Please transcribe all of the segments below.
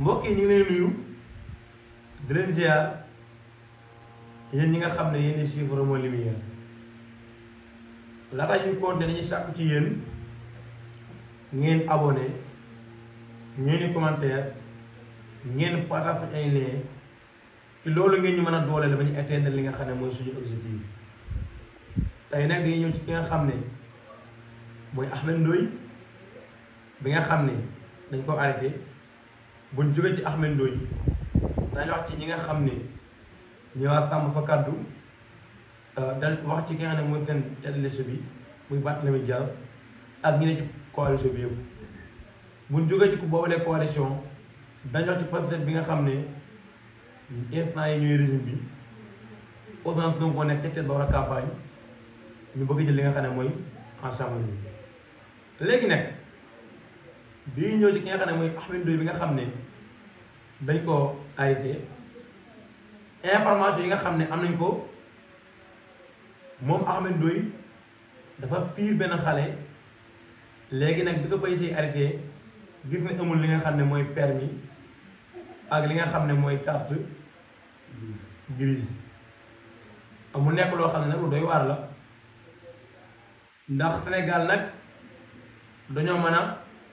mbokk yi ñu ngi leen nuyu di leen ziar yéen ñi nga xam ne yéen chiffre mooy lumière laata ñuy compter dañuy sàkku ci yéen ngeen abonné ngeen commentaire ngeen partage ay lien ci loolu ngeen ñu mën a dooleel ba ñu atteindre li nga xam ne mooy suñu objectif tey nag dañuy ñëw ci ki nga xam ne mooy Ahmed Ndoye bi nga xam ne dañ ko arrêté. buñ jógee ci Ahmed Ndoye dañ wax ci ñi nga xam ni ñi waa sàmm sa kàddu euh, dal wax ci ki nga xam ne mooy seen télévision bi muy Barthélémy Dias ak ñi ne ci coalition bi yëpp buñ jógee ci ku boobalee coalition dañ wax ci Pastef bi nga xam ni instant yi ñooy régime bi Ousmane Sonko nekk ca tête ba war a campagne ñu bëgg jël li nga xam ne mooy ensemble bi léegi bii ñëw ci ki nga xam ne muy Ahmed Ndoye bi nga xam ne dañ koo arrêté information yi nga xam ne am nañ ko moom Ahmed Ndoye dafa fiir benn xale léegi nag bi ko bay say gis ne amul li nga xam ne mooy permi ak li nga xam ne mooy carte grise mu nekk loo xam ne nag lu doy waar la ndax Sénégal nag dañoo mën a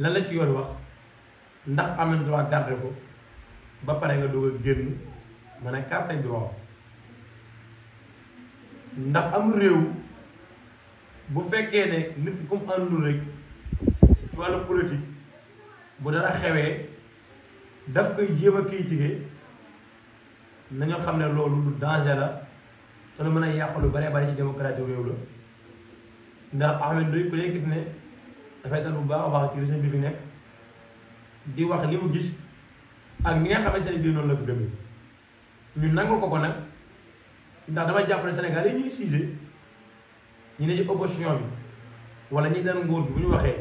lan la ci yoon wax ndax am nañ droit garder ko ba pare nga doog a génn ma ne carte droit ndax am réew bu fekkee ne nit ku mu àndul rek ci wàllu politique bu dara xewee daf koy jéem a critiquer nañoo xam ne loolu lu danger la te lu mën a yàq lu bare bare ci démocratie réew la ndax Ahmed Ndoye ku ne gis ne dafay dal bu baax a baax ci sëñ bi bi nekk di wax li mu gis ak ni nga xamante ne bii noonu la ko gëmee ñu nangu ko ko nag ndax dama jàppale ne Sénégal yi ñuy siise ñu ne ci opposition bi wala ñu daan nguur gi bu ñu waxee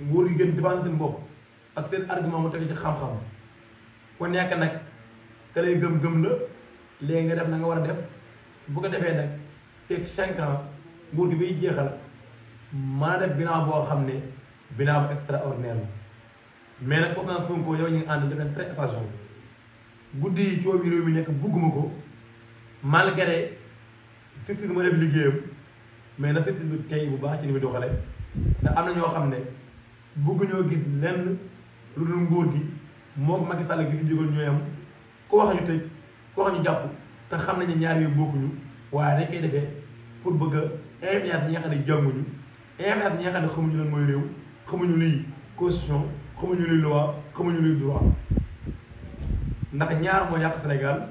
nguur gi gën defaan seen bopp ak seen argument moom tege ci xam-xam ku nekk nag ka lay gëm-gëm la léegi nga def na nga war a def bu ko defee nag fekk cinq ans nguur gi bay jeexal maa def bilan boo xam ne bilan bu extraordinaire la mais nag Ousmane Sonko yow ñu ngi ànd def très attention guddi yi réew mi nekk bugguma ko malgré fifi ma def liggéeyam mais na fifi bi tey bu baax ci ni muy doxale ndax am na ñoo xam ne bugg ñoo gis lenn lu dul nguur gi moom Macky Sall gi fi jógoon ñooy am ku wax ñu tëj ku wax ñu jàpp te xam nañu ñaar yooyu bokkuñu waaye dañ defee pour bëgg a influence ñi nga dañuy ànd ak ñi nga xam ne xamuñu lan mooy réew xamuñu luy constitution xamuñu luy loi xamuñu luy droit ndax ñaar moo yàq Sénégal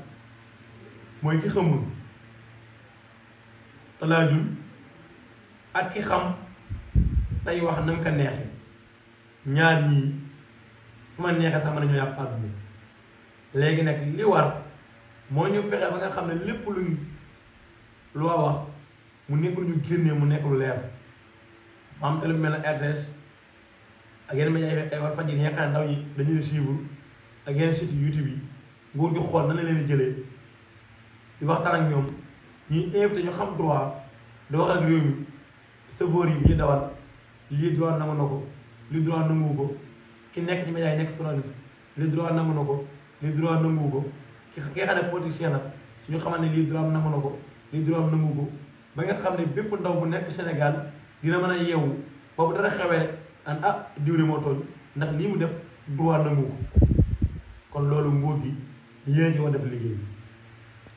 mooy ki xamul te ak ki xam tey wax na mu ko neexee ñaar ñii su ma neexee sax mën nañoo yàq àdduna léegi nag li war moo ñu fexe ba nga xam ne lépp luy loo wax mu nekkul lu ñu génnee mu nekk leer. mu am télé bu mel ne RTS ak yeneen médias ay Walfadjri yi nga xam ne ndaw ñi dañuy suivre ak yeneen site YouTube yi nguur gi xool na leen di jëlee di waxtaan ak ñoom ñuy invité ñu xam droit di wax ak réew mi savoor yi ñuy dawal lii droit nangu na ko lii droit nanguwu ko ki nekk ci médias yi nekk journaliste lii droit nangu na ko lii droit nanguwu ko ki xam ne politicien la ñu xamante ne lii droit nangu ko lii droit nanguwu ko ba nga xam ne bépp ndaw bu nekk Sénégal dina mën a yeewu ba bu dara xewee rek an ah moo tooñ ndax lii mu def droit nangu ko kon loolu nguur gi yéen ci war def liggéey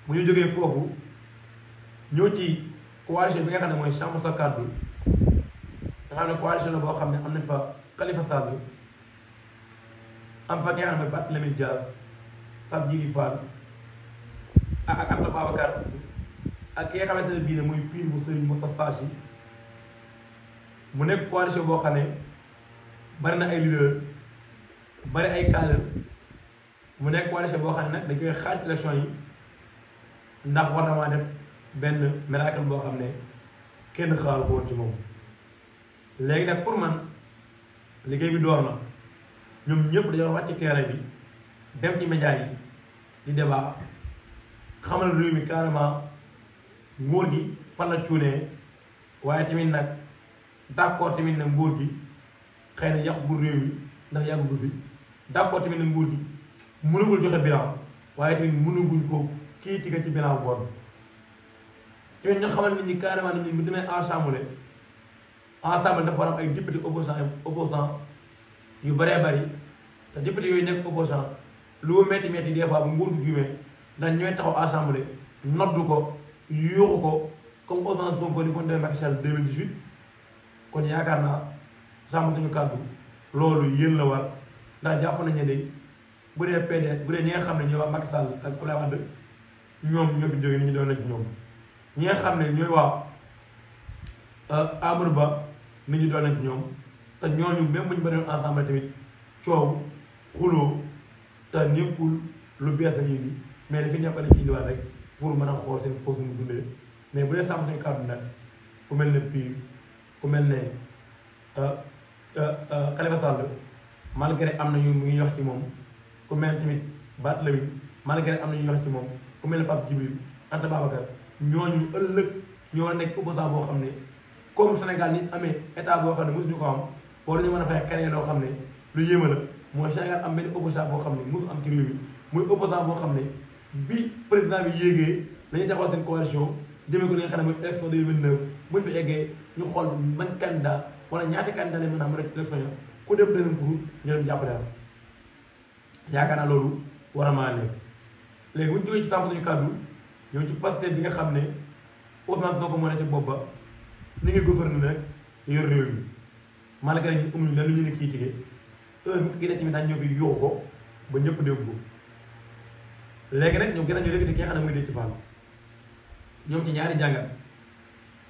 bu ñu jógee foofu ñëw ci coalition bi nga xam ne mooy Sàmm Sa Kàddu nga xam ne coalition la boo xam ne am nañ fa Khalifa Sall am fa nga xam ne Barthélémy Dias Pape Djibril Fall ak ak Anta Babacar ak ki nga xamante ne bii muy piir bu Serigne Moustapha Sy mu nekk coalition boo xam ne bari na ay leader bari ay cadre mu nekk coalition boo xam ne nag dañ koy xaaj élection yi ndax war na maa def benn miracle boo xam ne kenn xaaru ko ci moom léegi nag pour man liggéey bi door na ñoom ñëpp dañoo wàcc terrain bi dem ci média yi di débat xamal réew mi carrément nguur gi fan la cuunee waaye tamit nag d'accord tamit na nguur gi xëy na yàqu bu réew mi ndax yàggu ko fi d'accord tamit na nguur gi mënagul joxe bilan waaye tamit mënaguñ ko kii tigga ci bilan boor tamit ñu xamal nit ñi carrément nit ñi bu demee ensemble ensemble dafa war am ay député opposant opposant yu bëree bëri te député yooyu nekk opposant lu metti metti des fois bu nguur gi gumee ndax ñooy taxaw assemblée noddu ko yuuxu ko comme Ousmane Sonko ni ko demee Macky Sall 2018 kon yaakaar naa sàmm suñu kàddu loolu yéen la war ndax jàpp nañu ne bu dee PDS bu dee ñi nga xam ne ñooy waa Macky Sall ak Abdoulaye Wade ñoom ñoo fi jógee ni ñu doon nañ ñoom ñi xam ne ñooy waa Amadou Ba ni ñu doon nañ ñoom te ñooñu même bu ñu bëri ensemble tamit coow xuloo te nekkul lu bees la ñuy di mais dafi nekk dañ ci indiwaat rek pour mën a xool seen foofu mu dundee mais bu dee sàmm suñu kàddu nag ku mel ne Pire ku mel ne euh, euh, euh, Khalifa Sall malgré am na ñu ñuy wax ci moom ku mel tamit Barthélémy malgré am na ñuy ci moom ku mel ne Pape Djibril Anta Babacar ñooñu ëllëg ñoo nekk opposant boo xam ne comme Sénégal ni amee état boo xam ne mosuñu ko am war ñu mën a fexe créer loo xam ne lu yéeme la mooy Sénégal am benn opposant boo xam ne mosu am ci réew mi muy opposant boo xam ne bi président bi yéegee dañuy taxawal seen coalition jëmee ko li nga xam ne mooy élection 2029 buñ fi eggee ñu xool man candidat wala ñaati candidat la mën a am rek élection ya ku dem deuxième tour ñu dem yaakaar naa loolu war a mën a ci sàmm kàddu ñëw ci Pastef bi nga xam ne Ousmane Sonko moo ne ci bopp ba ñu ngi gouverner rek yor réew mi malgré ñu amuñu lenn ñu ne kii tigee heure bi ki ne ñëw fi yoo ko ba ñëpp dégg ko léegi nag ñoom gën a ñu rek di ki nga xam ne muy dee ci fàll ñoom ci ñaari jàngat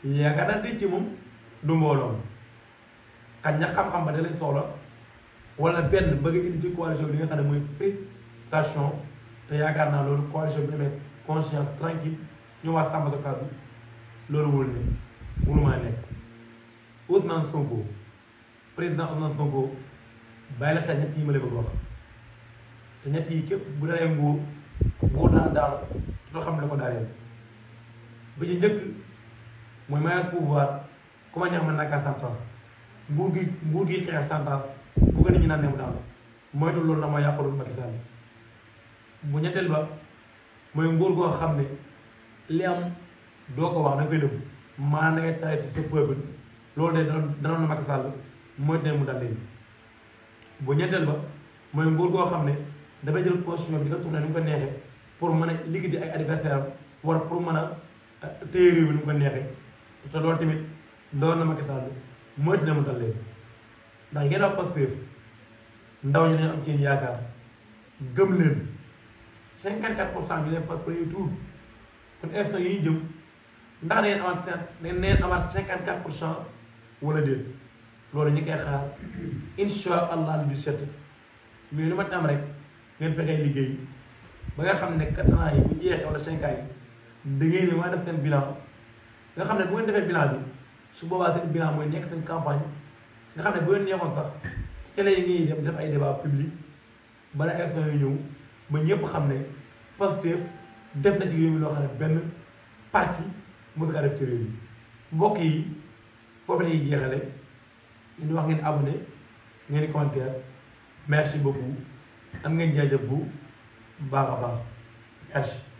yaakaar naa ci moom du mbooloo xaj na xam-xam ba da lañ soxla wala benn bëgg indi ci coalition bi li nga xam ne mooy prestation te yaakaar naa loolu coalition bi amee conscience tranquille ñu war sàmm sa kàddu loolu wul ne mënumaa nekk Ousmane Sonko président Ousmane Sonko bàyyi la xel ñett yi ma leen bëgg wax te ñett yi képp bu dalee nguur nguur naa daal loo xam ne ko daal bi ci njëkk mooy mayaat pouvoir ku ma neex mën naa kaa santal gi nguur gi xeex santal bu ko nit ñi naan ne mu daal loolu na ma yàqalul Macky Sall bu ñetteel mooy nguur goo xam ne li am doo wax da nga koy dëgg maanaam mu daal léegi bu ñetteel ba mooy nguur goo xam ne dafay jël position bi di ko tourné ni mu ko neexee pour mën a liggéey ay adversaire am war pour mën a euh, téye réew mi ni ko neexee te loolu tamit doon na Macky Sall moytu na mu dal leen ndax yéen a Pastef ndaw ñi dañu am seen yaakaar gëm leen 54 pour cent bi leen far premier tour kon élection yi ñu jëm ndax da ngeen amaat da ngeen amaat 54 pour cent wala déet loolu ñu koy xaar incha allah du set mais lu ma tam rek ngeen fexee liggéey ba nga xam ne quatre ans yi bu jeexee wala cinq yi da ngeen ne maa def seen bilan. nga xam ne bu ngeen defee bilan bi su boobaa seen bilan mooy nekk seen campagne nga xam ne bu ngeen neexoon sax ci télé yi ngay dem def ay débat public bala élection yu ñëw ba ñëpp xam ne Pastef def na ci réew mi loo xam ne benn parti mësu kaa def ci réew mi mbokk yi foofu la ñuy jeexale ñu wax ngeen abonné ngeen di commentaire merci beaucoup am ngeen jaajëf bu baax a baax merci